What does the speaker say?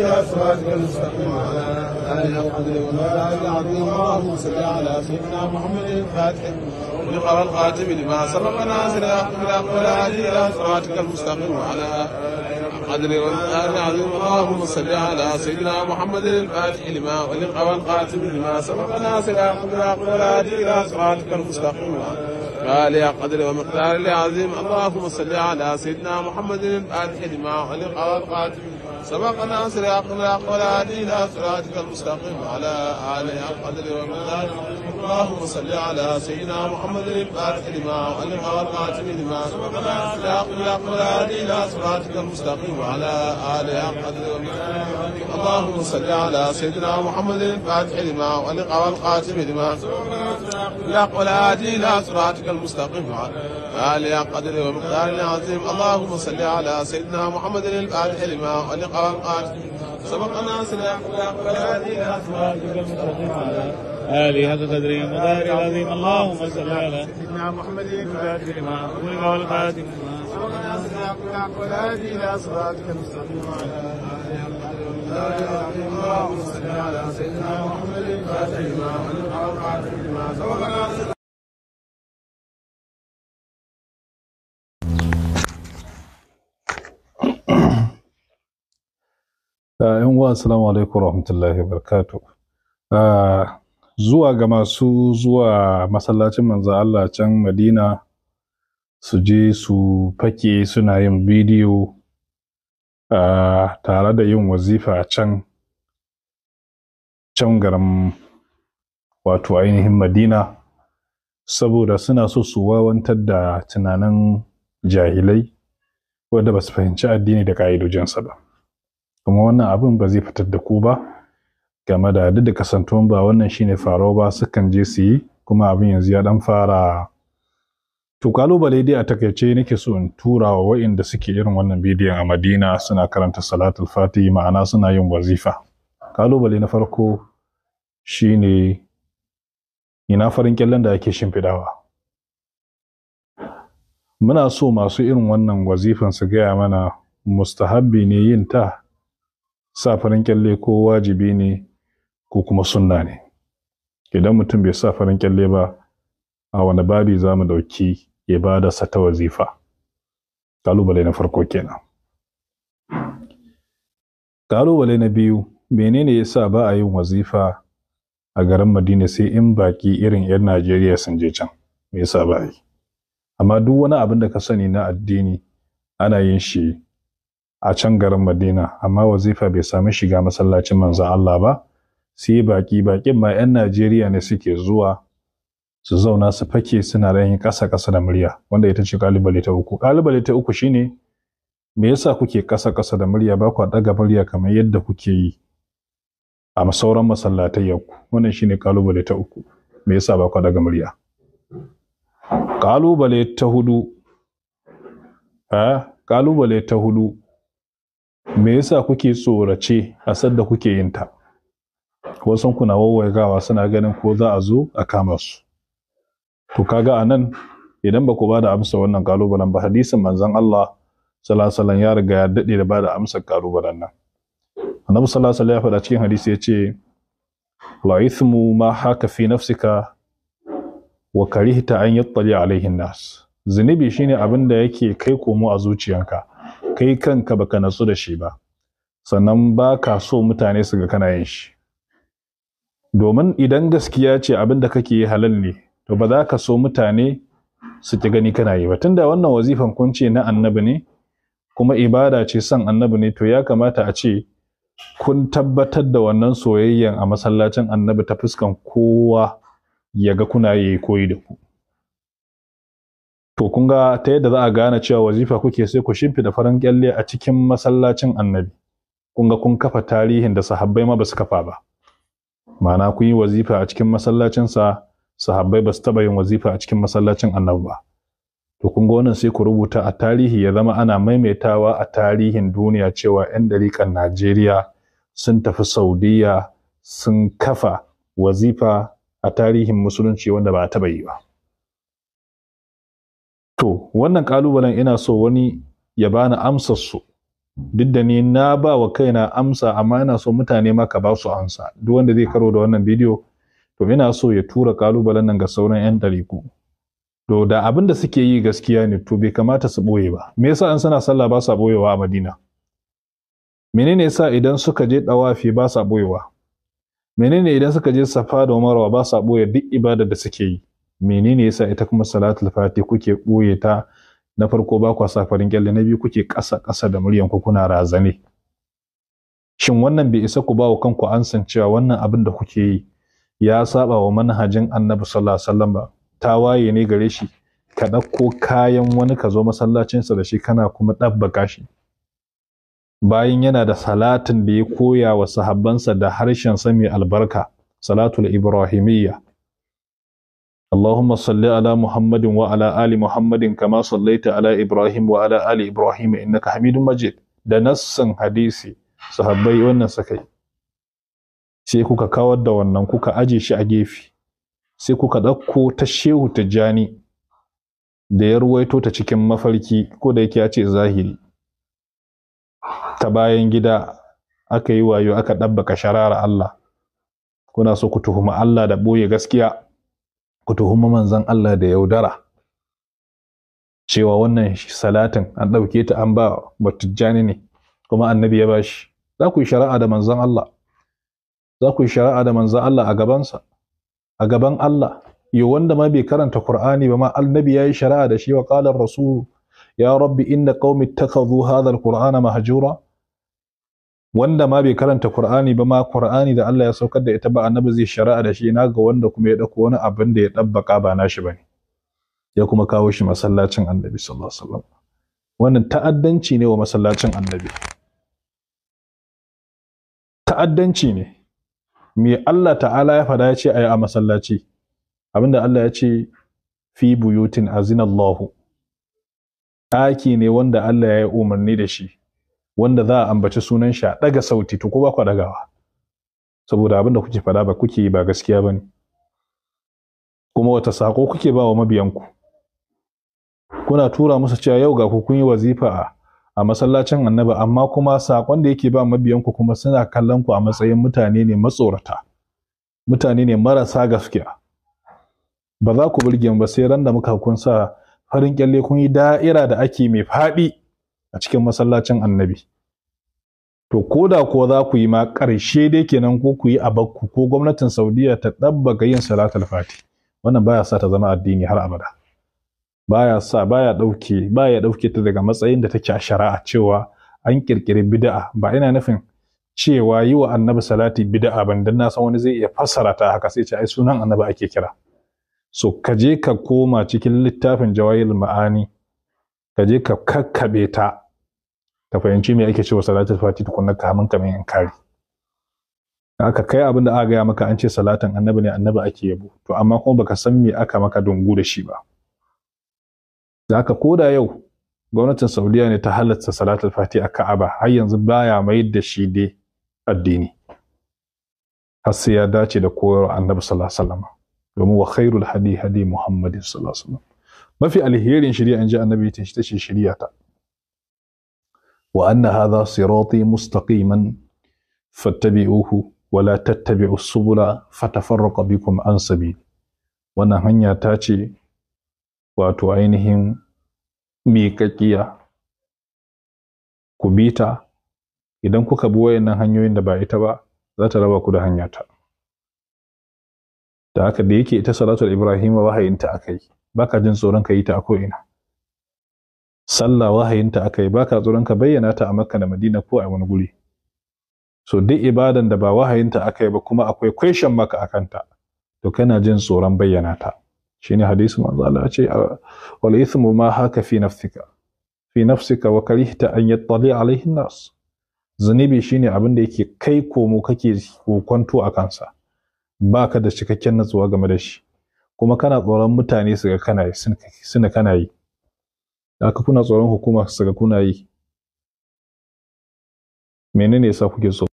إلى صراط المستقيم على آل القدر العظيم اللهم صل على سيدنا محمد الفاتح ولقرى القاتم لما سبق نازل أقبل أقبل علي إلى صراطك المستقيم على قدر والآن العظيم اللهم صل على سيدنا محمد الفاتح لما ولقاء القاتم لما سبق ناصر أقبل أقبل هادي إلى صراطك المستقيم غالي قدر ومقدار العظيم اللهم صل على سيدنا محمد الفاتح لما ولقاء القاتم سبقنا سراقنا إلى صراطك المستقيم على آل القدر ومقدار اللهم صل على سيدنا محمد الفاتح لما وعلم والقاتل لما سبقنا سراقنا إلى صراطك المستقيم على آل القدر ومقدار اللهم صل على سيدنا محمد الفاتح لما وعلم والقاتل لما سبقنا يا قل هادينا صراطك المستقيم قال يا قدر ومقدار العظيم اللهم صل على سيدنا محمد الفاتح لما خلق وقال سبقنا سلاح يا قل هادينا صراطك المستقيم آلي هذا قدري مداري العظيم اللهم صل على سيدنا محمد الفاتح لما خلق والقاتل الحق والهدي الى صراطك المستقيم yan uwa assalamu alaikum rahmatullahi barakatu ah, zuwa ga masu zuwa masallacin manzo Allah can Madina su je su fake suna yin bidiyo tare da yin wazifa a can can garin wato ainihin madina saboda suna so su wawantar da tunanin jahilai wadda ba su fahimci addini da ƙa'idojinsa ba kuma wannan abin ba zai fitar da ku ba game da duk da kasantuwan ba wannan shine faruwa ba sukan je su yi kuma abin yanzu ya dan fara To kalubale dai a takaice nake so in tura wa wa'inda suke irin wannan bidiyon a Madina suna karanta salatul Fati ma'ana suna yin wazifa. Kalubale na farko shine ina farin kyallen da ake shimfidawa. Muna so masu irin wannan wazifan su gaya mana mustahabbi ne yin ta sa farin kyalle ko wajibi ne ko kuma sunna ne. Idan mutum bai sa farin kyalle ba a wani babi za mu ɗauki ibadarsa sata wazifa kalubale na farko kenan kalubale na biyu menene ya sa ba a yin wazifa a garin Madina sai in baƙi irin 'yan Najeriya sun je can me yasa ba a yi amma duk wani abin da ka sani na addini ana yin shi a can garin Madina amma wazifa bai sami shiga masallacin manzan Allah ba sai baƙi baƙin ma 'yan Najeriya ne suke zuwa su zauna su fake suna rayin ƙasa ƙasa da murya wanda ita ce ƙalubale ta uku ƙalubale ta uku shine me yasa kuke ƙasa ƙasa da murya ba ku daga murya kamar yadda kuke yi a sauran masallatai yanku wannan shine ƙalubale ta uku me yasa ba ku daga murya ƙalubale ta hudu a ƙalubale ta hudu me yasa kuke tsorace a sadda kuke yin ta wasan kuna gawa suna ganin ko za a zo a kama su to kaga anan idan ba ku ba da amsa wannan kalubalen ba hadisin manzon Allah salasalan ya riga ya daɗe da ba da amsar ƙalubalen nan. Annabi salasalan ya faɗa cikin hadisi ya ce, La'ithmu ma haka fi nafsika wa karihta an yattali alaihin nas. Zunubi shine abin da yake kai komo a zuciyanka, kai kanka baka natsu da shi ba, sannan ba ka so mutane su ga kana yin shi. Domin idan gaskiya ce abin da kake yi halal ne, to ba za ka so mutane su ti gani kana yi ba tunda wannan wazifan kun ce na annabi ne kuma ibada ce son annabi ne to ya kamata a ce kun tabbatar da wannan soyayyan a masallacin annabi ta fuskan kowa ya ga kuna yi koyi da ku to kun ga ta yadda za a gane cewa wazifa kuke sai ku shimfida farin kyalle a cikin masallacin annabi kun ga kun kafa tarihin da sahabbai ma ba su kafa ba ma'ana kun yi wazifa a cikin masallacinsa sahabbai ba su taɓa yin wazifa a cikin masallacin annabi ba to kun ga wannan sai ku rubuta a tarihi ya zama ana maimaitawa a tarihin duniya cewa 'yan dariƙan Najeriya sun tafi Saudiya sun kafa wazifa a tarihin musulunci wanda ba a taɓa yi ba. To, wannan ƙalubalen ina so wani ya bani amsar su, duk da ni na ba wa kaina amsa amma ina so mutane ma ka ba su amsa, duk wanda zai karo da wannan bidiyo to ina so ya tura kalubalen nan ga sauran 'yan ɗariku. To da abin da suke yi gaskiya ne to bai kamata su ɓoye ba. Me yasa an suna sallah ba sa ɓoyewa a Madina? Menene yasa idan suka je ɗawafi ba sa ɓoyewa? Menene idan suka je safa da umarwa ba sa ɓoye duk ibada da suke yi? Menene yasa ita kuma salatul fati kuke ɓoye ta na farko ba kwa sa farin kyalle na biyu kuke ƙasa ƙasa da muryan ku kuna razane. Shin wannan bai isa ku ba wa kanku ansan cewa wannan abin da kuke yi ya saba wa manhajin annabi sallallahu alaihi wasallam ba tawaye ne gare shi ka ɗauko kayan wani ka zo masallacinsa da shi kana kuma ɗabbaka shi bayan yana da salatin da ya koya wa sahabbansa da harshen sami albarka salatul ibrahimiyya اللهم صل على محمد وعلى آل محمد كما صليت على إبراهيم وعلى آل إبراهيم إنك حميد مجيد da nassin hadisi sahabbai wannan sakai sai kuka kawar da wannan kuka aje shi a gefe sai kuka ɗauko ta shehu tijjani da ya ruwaito ta cikin mafarki ko da yake ya ce zahiri ta bayan gida aka yi wayo aka ɗabbaka sharara Allah kuna so ku tuhuma Allah da ɓoye gaskiya ku tuhuma manzan Allah da yaudara cewa wannan salatin an ɗauke ta an ba wa tijjani ne kuma annabi ya bashi za ku yi shari'a da manzan Allah za ku yi shari'a da manzan Allah a gabansa a gaban Allah yi wanda ma bai karanta Kur'ani ba ma annabi yi shari'a da shi wa qala rasul ya rabbi inna qaumi ittakhadhu hadha alqur'ana mahjura wanda ma bai karanta Kur'ani ba ma Kur'ani da Allah ya saukar da ita ba annabi zai shari'a da shi Na ga wanda kuma ya dauko wani abin da ya dabbaka ba nashi ne. ya kuma kawo shi masallacin annabi sallallahu alaihi wasallam wannan ta'addanci ne wa masallacin annabi ta'addanci ne me Allah ta'ala ya fada ya ce a yi a masallaci abinda Allah ya ce fi buyutin allahu. ɗaki ne wanda Allah ya yi umarni da shi wanda za a ambaci sunan shi a ɗaga sauti to ko ba ku ɗagawa saboda abin kuke fada ba kuke yi ba gaskiya ba ne kuma wata sako kuke ba wa mabiyanku kuna tura musu cewa yau ga ku kun yi wazifa a a masallacin annabi amma kuma saƙon da yake ba mabiyanku kuma suna kallon ku a matsayin mutane ne matsorata mutane ne marasa gaskiya ba za ku burge ba sai ran da muka kun sa farin kyalle kun yi da'ira da ake mai faɗi a cikin masallacin annabi to ko da ko za ku yi ma ƙarshe dai kenan ko ku yi a bakku ko gwamnatin saudiya ta ɗabbaka yin salatul fati wannan baya sa ta zama addini har abada baya sa baya dauke baya dauke ta daga matsayin da take a shari'a cewa an kirkiri bid'a ba ina nufin cewa yi wa annabi salati bid'a ban dan na san wani zai iya fassara ta haka sai ce ai sunan annabi ake kira so ka je ka koma cikin littafin jawahirul ma'ani ka je ka kakkabe ta ka fahimci me ake cewa salatul fati tukunna ka hamin kamar in kari aka kai abin da aka gaya maka an ce salatin annabi ne annabi ake yabo to amma kuma baka san me aka maka dungu da shi ba zaka ko koda yau gwamnatin saudiya ne ta halatta salatul fati a ka'aba har yanzu baya mai da shi dai addini har sai ya dace da koyarwa annabi sallallahu alaihi wasallam domin wa khairul hadi hadi muhammadin sallallahu alaihi wasallam mafi alherin shari'a ji annabi ta ce shari'a ta wa anna hadha sirati mustaqiman fattabi'uhu wa la tattabi'us subula fatafarraqa bikum an sabil wannan hanya ta ce wato ainihin miƙaƙiya ku bi ta idan kuka bi wayannan hanyoyin da ba ita ba za ta raba ku da hanyata da haka da yake ita salatul ibrahim wahayinta akai baka jin tsoron ka yi ta a ko'ina sallah wahayinta akai baka tsoron ka bayyana ta a makka da madina ko a wani guri so duk ibadan da ba wahayinta akai ba kuma akwai question maka akanta to kana jin tsoron bayyana ta shine hadisi manzo Allah ce wal ithmu ma haka fi nafsika fi nafsika wa karihta an yattali alaihi nas zunubi shine abin da yake kai komo kake kwanto a kansa baka da cikakken natsuwa game da shi kuma kana tsoron mutane su ga kana yi suna kana yi haka kuna tsoron hukuma su ga kuna yi menene yasa kuke so